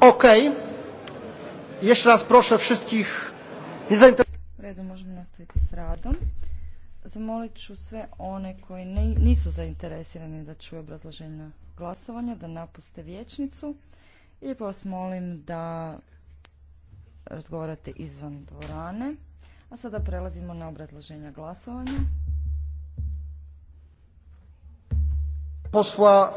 Ok. Jeszcze raz proszę wszystkich U redu možemo nastaviti s radom. Zamolit ću sve one koji nisu zainteresirani da čuju obrazloženja glasovanja, da napuste vječnicu. I vas molim da razgovarate izvan dvorane. A sada prelazimo na obrazloženja glasovanja. Posla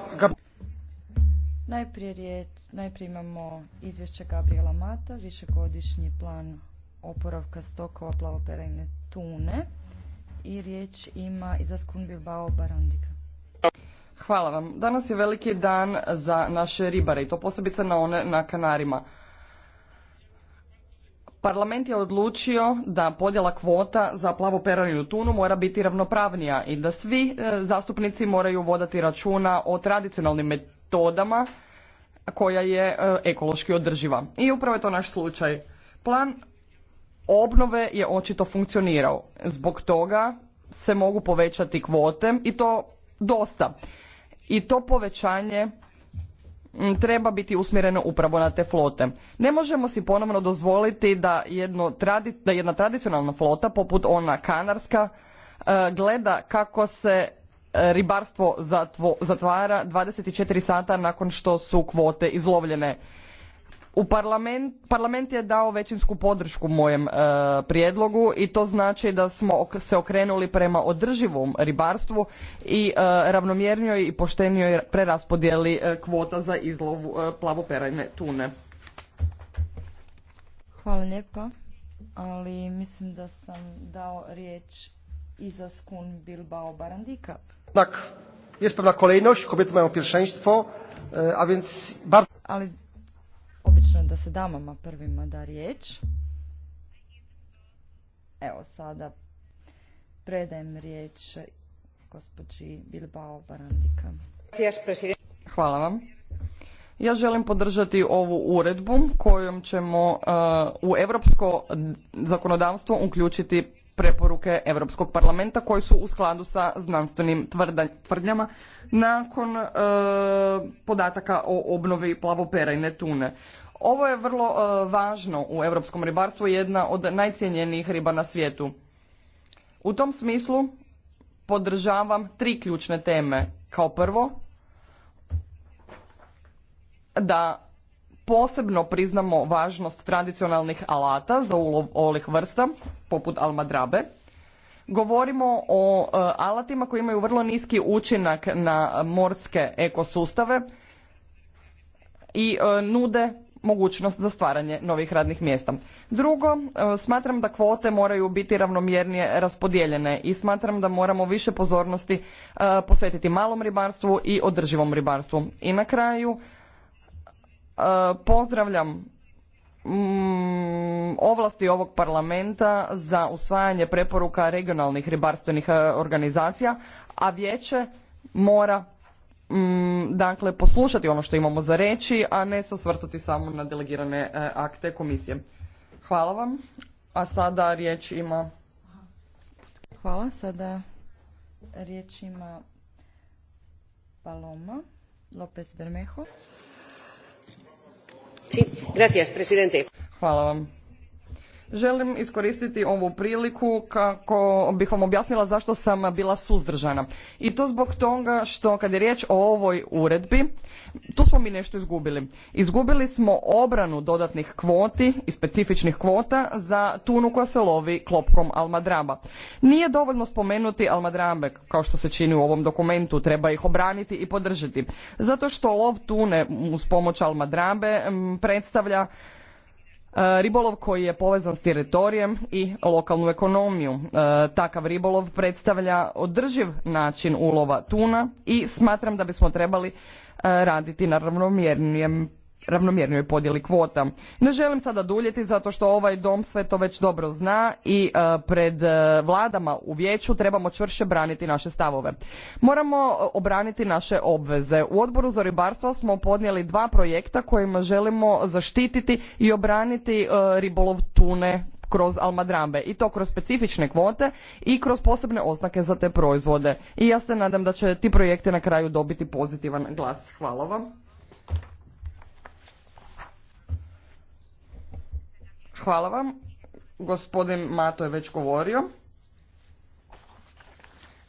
Najprije, najprije imamo izvješće Gabriela Mata, višegodišnji plan oporavka stokova plavoperajne tune i riječ ima Izaskun Bilbao Barandika. Hvala vam. Danas je veliki dan za naše ribare i to posebice na one na Kanarima. Parlament je odlučio da podjela kvota za plavo tunu mora biti ravnopravnija i da svi e, zastupnici moraju vodati računa o tradicionalnim metodama koja je e, ekološki održiva. I upravo je to naš slučaj. Plan obnove je očito funkcionirao. Zbog toga se mogu povećati kvote i to dosta. I to povećanje treba biti usmjereno upravo na te flote. Ne možemo si ponovno dozvoliti da, da jedna tradicionalna flota poput ona kanarska e, gleda kako se ribarstvo zatvara zatvara 24 sata nakon što su kvote izlovljene. U parlament, parlament je dao većinsku podršku mojem e, prijedlogu i to znači da smo se okrenuli prema održivom ribarstvu i e, ravnomjernijoj i poštenijoj preraspodjeli e, kvota za izlov e, plavoperajne tune. Hvala lijepa, ali mislim da sam dao riječ skun Bilbao Barandika. Tak, jest pewna kolejność, kobiety mają pierwszeństwo, e, a więc bardzo... Ali obično da se damama prvima da riječ. Evo sada predajem riječ gospođi Bilbao Barandika. Hvala vam. Ja želim podržati ovu uredbu kojom ćemo e, u europsko zakonodavstvo uključiti preporuke Europskog parlamenta koji su u skladu sa znanstvenim tvrdnjama nakon e, podataka o obnovi plavoperajne tune. Ovo je vrlo e, važno u europskom ribarstvu, jedna od najcijenjenijih riba na svijetu. U tom smislu podržavam tri ključne teme. Kao prvo, da posebno priznamo važnost tradicionalnih alata za ulov ovih vrsta, poput almadrabe. Govorimo o e, alatima koji imaju vrlo niski učinak na morske ekosustave i e, nude mogućnost za stvaranje novih radnih mjesta. Drugo, e, smatram da kvote moraju biti ravnomjernije raspodijeljene i smatram da moramo više pozornosti posvetiti malom ribarstvu i održivom ribarstvu. I na kraju, pozdravljam mm, ovlasti ovog parlamenta za usvajanje preporuka regionalnih ribarstvenih e, organizacija, a vijeće mora mm, dakle poslušati ono što imamo za reći, a ne se osvrtati samo na delegirane e, akte komisije. Hvala vam. A sada riječ ima... Hvala. Sada riječ ima Paloma Lopez Bermejo. Hvala vam. Želim iskoristiti ovu priliku kako bih vam objasnila zašto sam bila suzdržana. I to zbog toga što kad je riječ o ovoj uredbi, tu smo mi nešto izgubili. Izgubili smo obranu dodatnih kvoti i specifičnih kvota za tunu koja se lovi klopkom almadraba. Nije dovoljno spomenuti almadrabe kao što se čini u ovom dokumentu, treba ih obraniti i podržati. Zato što lov tune uz pomoć almadrabe predstavlja E, ribolov koji je povezan s teritorijem i lokalnu ekonomiju. E, takav ribolov predstavlja održiv način ulova tuna i smatram da bismo trebali e, raditi na ravnomjernijem ravnomjernoj podjeli kvota. Ne želim sada duljeti zato što ovaj dom sve to već dobro zna i e, pred e, vladama u vijeću trebamo čvršće braniti naše stavove. Moramo e, obraniti naše obveze. U odboru za ribarstvo smo podnijeli dva projekta kojima želimo zaštititi i obraniti ribolov tune kroz almadrambe i to kroz specifične kvote i kroz posebne oznake za te proizvode. I ja se nadam da će ti projekti na kraju dobiti pozitivan glas. Hvala vam. Hvala vam. Gospodin Mato je već govorio.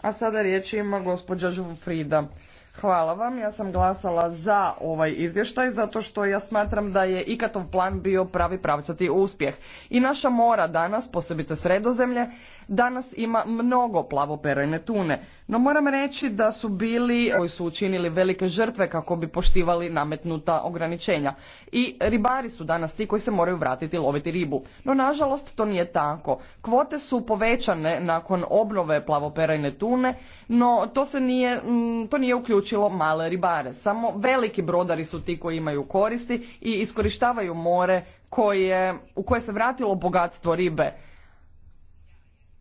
A sada riječ ima gospođa Žufrida. Hvala vam. Ja sam glasala za ovaj izvještaj zato što ja smatram da je ikatov plan bio pravi pravcati uspjeh. I naša mora danas, posebice sredozemlje, danas ima mnogo plavoperajne tune. No moram reći da su bili koji su učinili velike žrtve kako bi poštivali nametnuta ograničenja. I ribari su danas ti koji se moraju vratiti loviti ribu. No nažalost to nije tako. Kvote su povećane nakon obnove plavoperajne tune, no to se nije, mm, to nije uključilo male ribare. Samo veliki brodari su ti koji imaju koristi i iskorištavaju more koje, u koje se vratilo bogatstvo ribe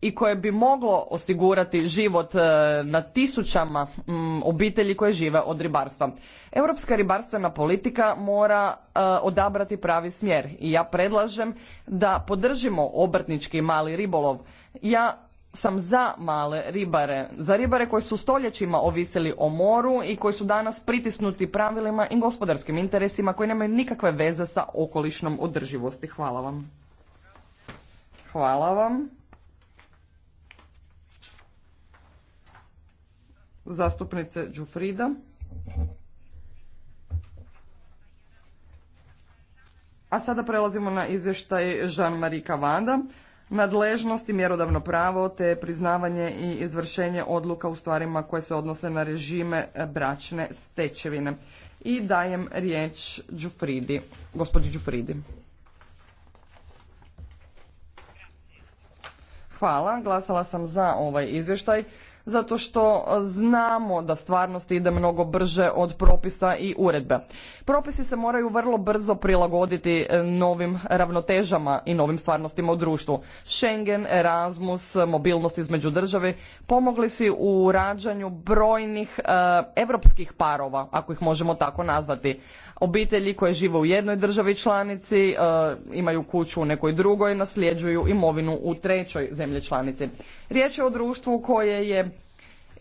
i koje bi moglo osigurati život e, na tisućama mm, obitelji koje žive od ribarstva. Europska ribarstvena politika mora e, odabrati pravi smjer i ja predlažem da podržimo obrtnički mali ribolov. Ja sam za male ribare, za ribare koji su stoljećima ovisili o moru i koji su danas pritisnuti pravilima i gospodarskim interesima koji nemaju nikakve veze sa okolišnom održivosti. Hvala vam. Hvala vam. zastupnice Đufrida. A sada prelazimo na izvještaj Jean-Marie Cavanda. Nadležnost i mjerodavno pravo te priznavanje i izvršenje odluka u stvarima koje se odnose na režime bračne stečevine. I dajem riječ Đufridi, gospođi Đufridi. Hvala, glasala sam za ovaj izvještaj zato što znamo da stvarnost ide mnogo brže od propisa i uredbe. Propisi se moraju vrlo brzo prilagoditi e, novim ravnotežama i novim stvarnostima u društvu. Schengen, Erasmus, mobilnost između države pomogli si u rađanju brojnih europskih parova, ako ih možemo tako nazvati. Obitelji koje žive u jednoj državi članici, e, imaju kuću u nekoj drugoj, nasljeđuju imovinu u trećoj zemlji članici. Riječ je o društvu koje je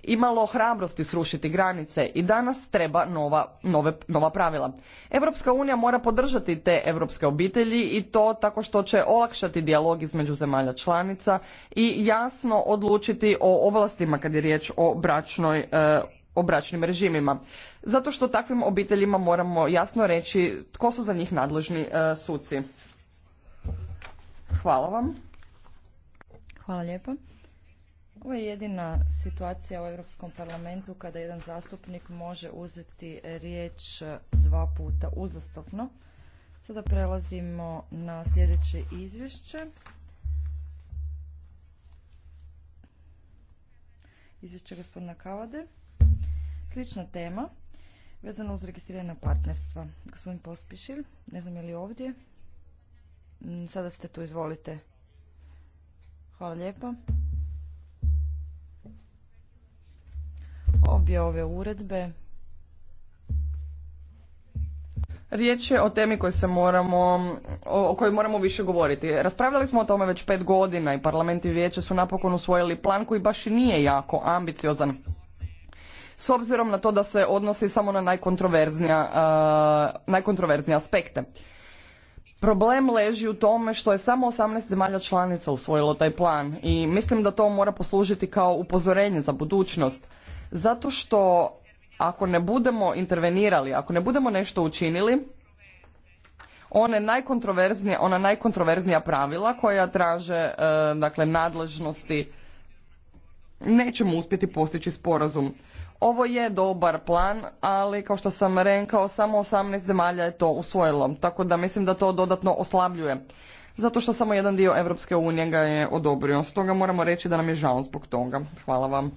imalo hrabrosti srušiti granice i danas treba nova, nove, nova pravila. Europska unija mora podržati te europske obitelji i to tako što će olakšati dijalog između zemalja članica i jasno odlučiti o ovlastima kad je riječ o bračnoj e, o bračnim režimima. Zato što takvim obiteljima moramo jasno reći tko su za njih nadležni e, suci. Hvala vam. Hvala lijepo. Ovo je jedina situacija u Europskom parlamentu kada jedan zastupnik može uzeti riječ dva puta uzastopno. Sada prelazimo na sljedeće izvješće. Izvješće gospodina Kavade. Slična tema vezano uz registrirana partnerstva. Gospodin Pospišil, ne znam je li ovdje. Sada ste tu, izvolite. Hvala lijepa. obje ove uredbe? Riječ je o temi kojoj se moramo, o kojoj moramo više govoriti. Raspravljali smo o tome već pet godina i parlament i vijeće su napokon usvojili plan koji baš i nije jako ambiciozan. S obzirom na to da se odnosi samo na najkontroverznija, najkontroverznije aspekte. Problem leži u tome što je samo 18 zemalja članica usvojilo taj plan i mislim da to mora poslužiti kao upozorenje za budućnost zato što ako ne budemo intervenirali, ako ne budemo nešto učinili, one najkontroverznije, ona najkontroverznija pravila koja traže e, dakle nadležnosti nećemo uspjeti postići sporazum. Ovo je dobar plan, ali kao što sam rekao, samo 18 zemalja je to usvojilo, tako da mislim da to dodatno oslabljuje. Zato što samo jedan dio Europske unije ga je odobrio. Stoga moramo reći da nam je žao zbog toga. Hvala vam.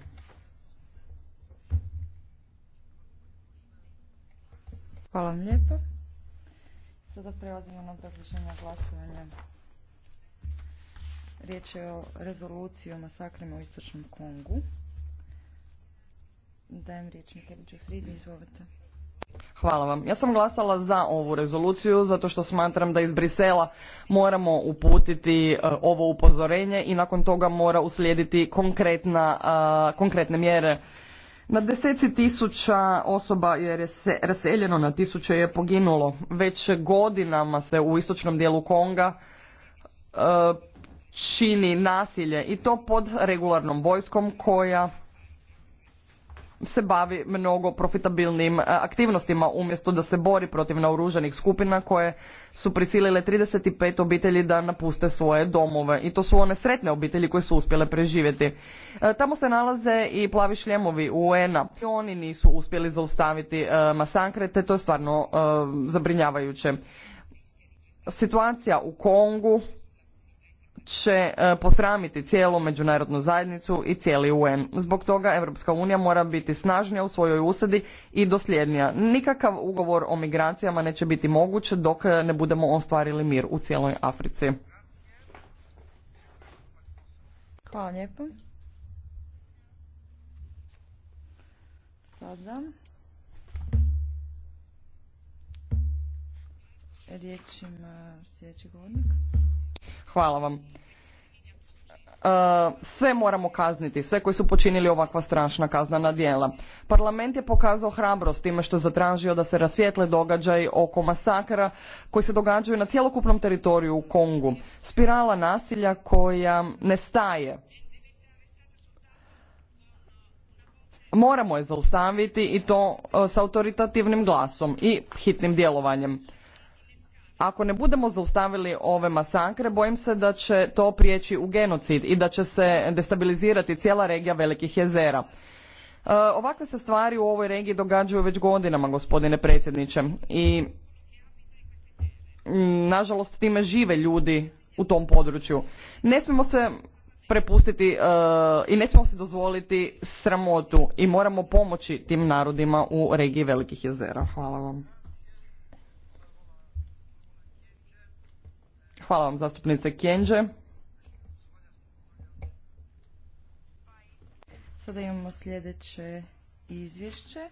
Hvala vam lijepo. Sada prelazimo na obrazloženje glasovanja. Riječ je o rezoluciji o masakrima u Istočnom Kongu. Dajem riječ izvolite. Hvala vam. Ja sam glasala za ovu rezoluciju zato što smatram da iz Brisela moramo uputiti e, ovo upozorenje i nakon toga mora uslijediti konkretna, konkretne mjere na deseci tisuća osoba je raseljeno, na tisuće je poginulo. Već godinama se u istočnom dijelu Konga e, čini nasilje i to pod regularnom vojskom koja se bavi mnogo profitabilnim e, aktivnostima umjesto da se bori protiv naoružanih skupina koje su prisilile 35 obitelji da napuste svoje domove i to su one sretne obitelji koje su uspjele preživjeti. E, tamo se nalaze i plavi šljemovi UN-a. Oni nisu uspjeli zaustaviti e, masakre, te to je stvarno zabrinjavajuće. Situacija u Kongu će e, posramiti cijelu međunarodnu zajednicu i cijeli UN. Zbog toga Europska unija mora biti snažnija u svojoj usadi i dosljednija. Nikakav ugovor o migracijama neće biti moguć dok ne budemo ostvarili mir u cijeloj Africi. Hvala lijepo. Hvala vam. E, sve moramo kazniti, sve koji su počinili ovakva strašna kaznana djela. Parlament je pokazao hrabrost time što je zatražio da se rasvijetle događaj oko masakra koji se događaju na cjelokupnom teritoriju u Kongu. Spirala nasilja koja ne staje. Moramo je zaustaviti i to e, s autoritativnim glasom i hitnim djelovanjem. Ako ne budemo zaustavili ove masakre, bojim se da će to prijeći u genocid i da će se destabilizirati cijela regija velikih jezera. E, ovakve se stvari u ovoj regiji događaju već godinama, gospodine predsjedniče. I mm, nažalost time žive ljudi u tom području. Ne smijemo se prepustiti e, i ne smijemo se dozvoliti sramotu i moramo pomoći tim narodima u regiji velikih jezera. Hvala vam. Hvala vam zastupnice Kjenđe. Sada imamo sljedeće izvješće.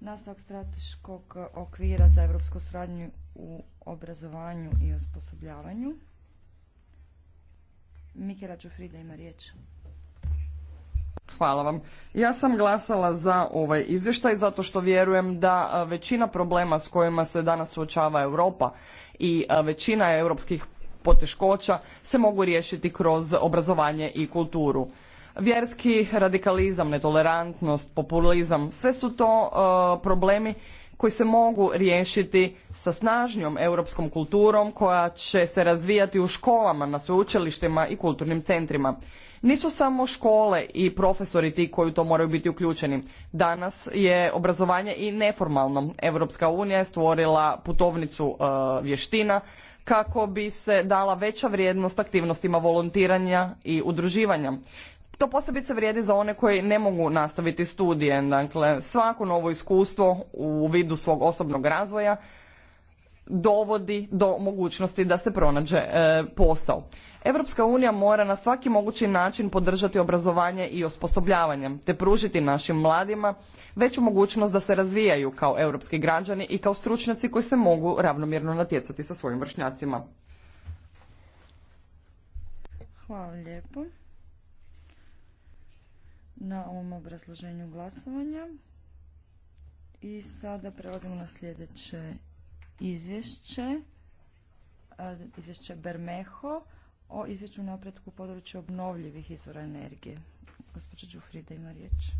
Nastavak strateškog okvira za europsku suradnju u obrazovanju i osposobljavanju. Mikera Čufrida ima riječ. Hvala vam. Ja sam glasala za ovaj izvještaj zato što vjerujem da e, većina problema s kojima se danas suočava Europa i e, većina europskih poteškoća se mogu riješiti kroz obrazovanje i kulturu. Vjerski radikalizam, netolerantnost, populizam, sve su to e, problemi koji se mogu riješiti sa snažnjom europskom kulturom koja će se razvijati u školama, na sveučilištima i kulturnim centrima. Nisu samo škole i profesori ti koji to moraju biti uključeni. Danas je obrazovanje i neformalno. Europska unija je stvorila putovnicu e, vještina kako bi se dala veća vrijednost aktivnostima volontiranja i udruživanja. To posebice vrijedi za one koji ne mogu nastaviti studije. Dakle, svako novo iskustvo u vidu svog osobnog razvoja dovodi do mogućnosti da se pronađe e, posao. Europska unija mora na svaki mogući način podržati obrazovanje i osposobljavanje, te pružiti našim mladima veću mogućnost da se razvijaju kao europski građani i kao stručnjaci koji se mogu ravnomjerno natjecati sa svojim vršnjacima. Hvala lijepo na ovom obrazloženju glasovanja. I sada prelazimo na sljedeće izvješće, izvješće Bermeho o izvješću napretku u području obnovljivih izvora energije. Gospođa Đufrida ima riječ.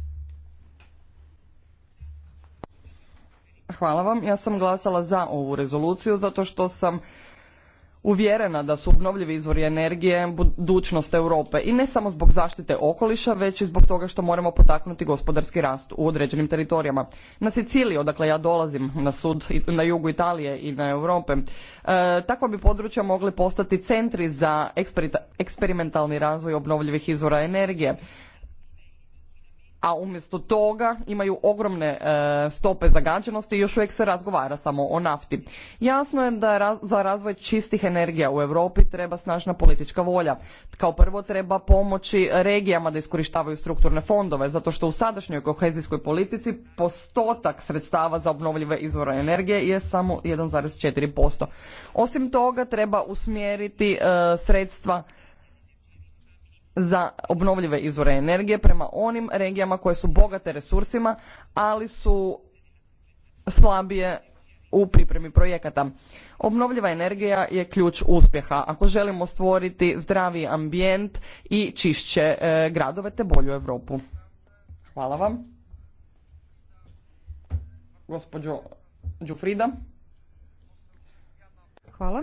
Hvala vam. Ja sam glasala za ovu rezoluciju zato što sam uvjerena da su obnovljivi izvori energije budućnost Europe i ne samo zbog zaštite okoliša, već i zbog toga što moramo potaknuti gospodarski rast u određenim teritorijama. Na Siciliji, odakle ja dolazim na sud na jugu Italije i na Europe, e, takva bi područja mogli postati centri za eksperimentalni razvoj obnovljivih izvora energije a umjesto toga imaju ogromne e, stope zagađenosti i još uvijek se razgovara samo o nafti. Jasno je da za razvoj čistih energija u Europi treba snažna politička volja. Kao prvo treba pomoći regijama da iskorištavaju strukturne fondove, zato što u sadašnjoj kohezijskoj politici postotak sredstava za obnovljive izvore energije je samo 1,4%. Osim toga treba usmjeriti e, sredstva za obnovljive izvore energije prema onim regijama koje su bogate resursima, ali su slabije u pripremi projekata. Obnovljiva energija je ključ uspjeha ako želimo stvoriti zdravi ambijent i čišće e, gradove te bolju Europu. Hvala vam. Gospođo Đufrida. Hvala.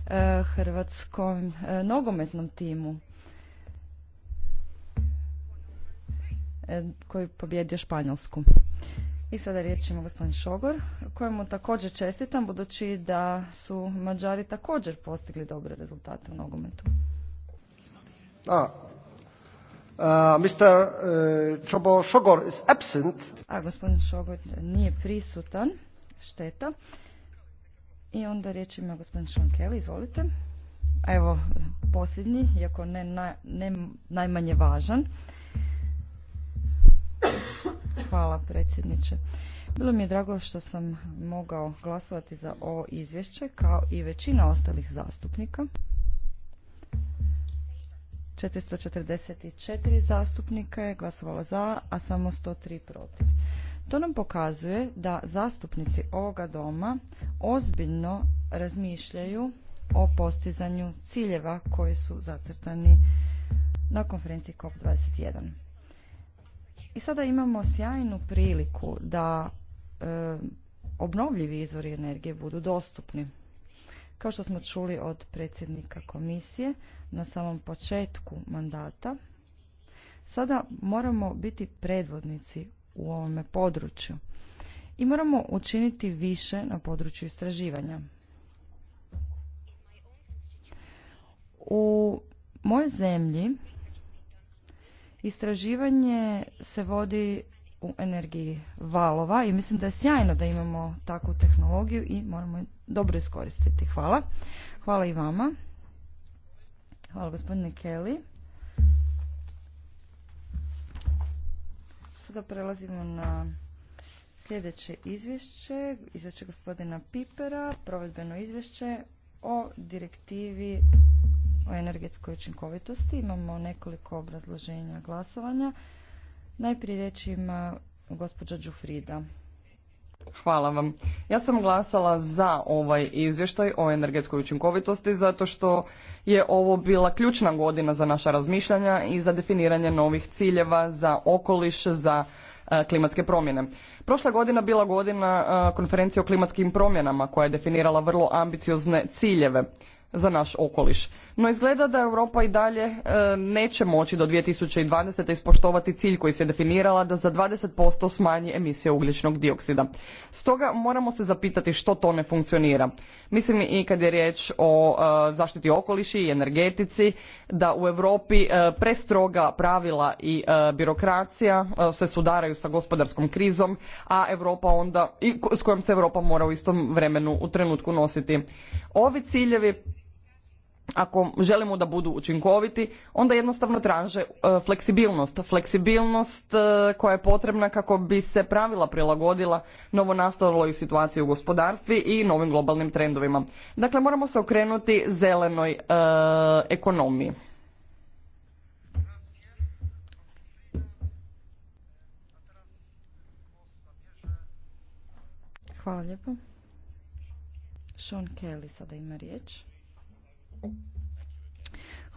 E, hrvatskom e, nogometnom timu e, koji pobjedio Španjolsku. I sada riječ ima gospodin Šogor, kojemu također čestitam, budući da su Mađari također postigli dobre rezultate u nogometu. A, ah. uh, uh, absent. A, gospodin Šogor nije prisutan, šteta. I onda riječ ima gospodin Šankeli, izvolite. Evo, posljednji, iako ne, najmanje važan. Hvala predsjedniče. Bilo mi je drago što sam mogao glasovati za ovo izvješće kao i većina ostalih zastupnika. 444 zastupnika je glasovalo za, a samo 103 protiv. To nam pokazuje da zastupnici ovoga doma ozbiljno razmišljaju o postizanju ciljeva koji su zacrtani na konferenciji COP21. I sada imamo sjajnu priliku da e, obnovljivi izvori energije budu dostupni. Kao što smo čuli od predsjednika komisije na samom početku mandata, sada moramo biti predvodnici u ovome području. I moramo učiniti više na području istraživanja. U mojoj zemlji istraživanje se vodi u energiji valova i mislim da je sjajno da imamo takvu tehnologiju i moramo je dobro iskoristiti. Hvala. Hvala i vama. Hvala gospodine Kelly. sada prelazimo na sljedeće izvješće, izvješće gospodina Pipera, provedbeno izvješće o direktivi o energetskoj učinkovitosti. Imamo nekoliko obrazloženja glasovanja. Najprije reći ima gospođa Đufrida. Hvala vam. Ja sam glasala za ovaj izvještaj o energetskoj učinkovitosti zato što je ovo bila ključna godina za naša razmišljanja i za definiranje novih ciljeva za okoliš, za e, klimatske promjene. Prošla godina bila godina e, konferencije o klimatskim promjenama koja je definirala vrlo ambiciozne ciljeve za naš okoliš. No izgleda da Europa i dalje e, neće moći do 2020. ispoštovati cilj koji se definirala da za 20% smanji emisije ugljičnog dioksida. Stoga moramo se zapitati što to ne funkcionira. Mislim i kad je riječ o e, zaštiti okoliši i energetici, da u Europi e, prestroga pravila i birokracija se sudaraju sa gospodarskom krizom, a Europa onda i s kojom se Europa mora u istom vremenu u trenutku nositi. Ovi ciljevi ako želimo da budu učinkoviti, onda jednostavno traže e, fleksibilnost. Fleksibilnost e, koja je potrebna kako bi se pravila prilagodila novonastaloj situaciji u gospodarstvi i novim globalnim trendovima. Dakle, moramo se okrenuti zelenoj e, ekonomiji. Hvala lijepo. Sean Kelly sada ima riječ.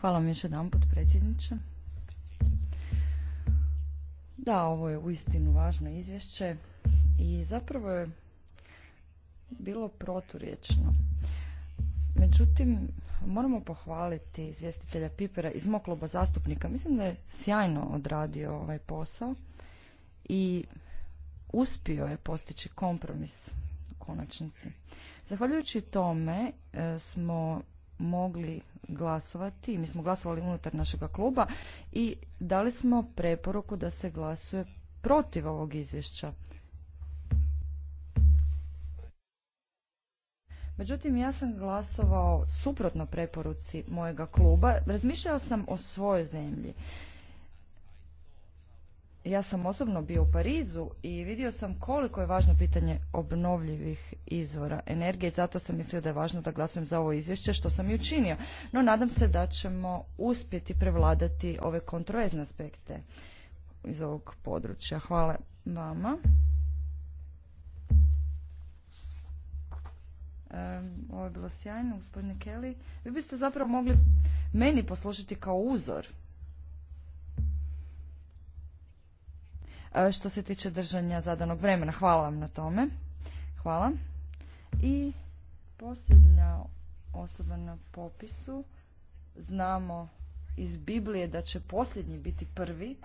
Hvala vam još jedan predsjedniče. Da, ovo je uistinu važno izvješće i zapravo je bilo proturječno. Međutim, moramo pohvaliti izvjestitelja Pipera iz mog kluba zastupnika. Mislim da je sjajno odradio ovaj posao i uspio je postići kompromis u konačnici. Zahvaljujući tome e, smo mogli glasovati, mi smo glasovali unutar našega kluba i dali smo preporuku da se glasuje protiv ovog izvješća. Međutim, ja sam glasovao suprotno preporuci mojega kluba. Razmišljao sam o svojoj zemlji ja sam osobno bio u Parizu i vidio sam koliko je važno pitanje obnovljivih izvora energije i zato sam mislio da je važno da glasujem za ovo izvješće što sam i učinio. No nadam se da ćemo uspjeti prevladati ove kontroverzne aspekte iz ovog područja. Hvala vama. ovo je bilo sjajno, gospodine Kelly. Vi biste zapravo mogli meni poslušati kao uzor E, što se tiče držanja zadanog vremena. Hvala vam na tome. Hvala. I posljednja osoba na popisu. Znamo iz Biblije da će posljednji biti prvi.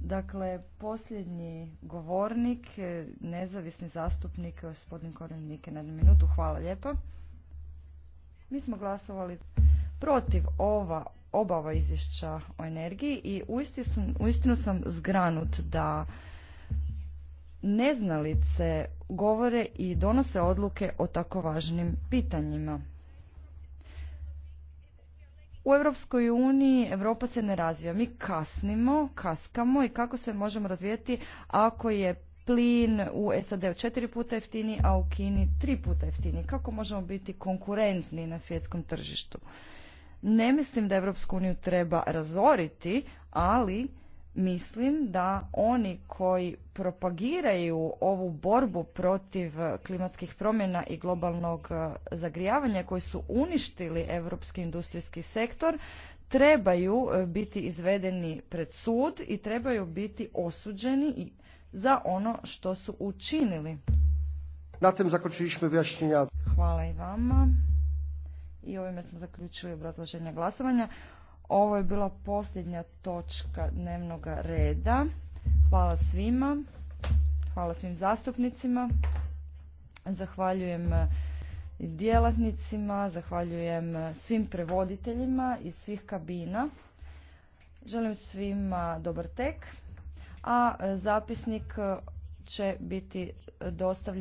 Dakle, posljednji govornik, e, nezavisni zastupnik, gospodin Korin Mike, na minutu. Hvala lijepa. Mi smo glasovali protiv ova oba ova izvješća o energiji i uistinu sam zgranut da neznalice govore i donose odluke o tako važnim pitanjima. U Europskoj uniji Europa se ne razvija. Mi kasnimo, kaskamo i kako se možemo razvijeti ako je plin u sad četiri puta jeftiniji, a u Kini tri puta jeftiniji. Kako možemo biti konkurentni na svjetskom tržištu? Ne mislim da Europsku uniju treba razoriti, ali mislim da oni koji propagiraju ovu borbu protiv klimatskih promjena i globalnog e, zagrijavanja koji su uništili europski industrijski sektor trebaju e, biti izvedeni pred sud i trebaju biti osuđeni za ono što su učinili. Na tem Hvala i vama. I ovime smo zaključili obrazloženje glasovanja. Ovo je bila posljednja točka dnevnog reda. Hvala svima. Hvala svim zastupnicima. Zahvaljujem eh, djelatnicima, zahvaljujem eh, svim prevoditeljima iz svih kabina. Želim svima dobar tek, a eh, zapisnik će biti dostavljen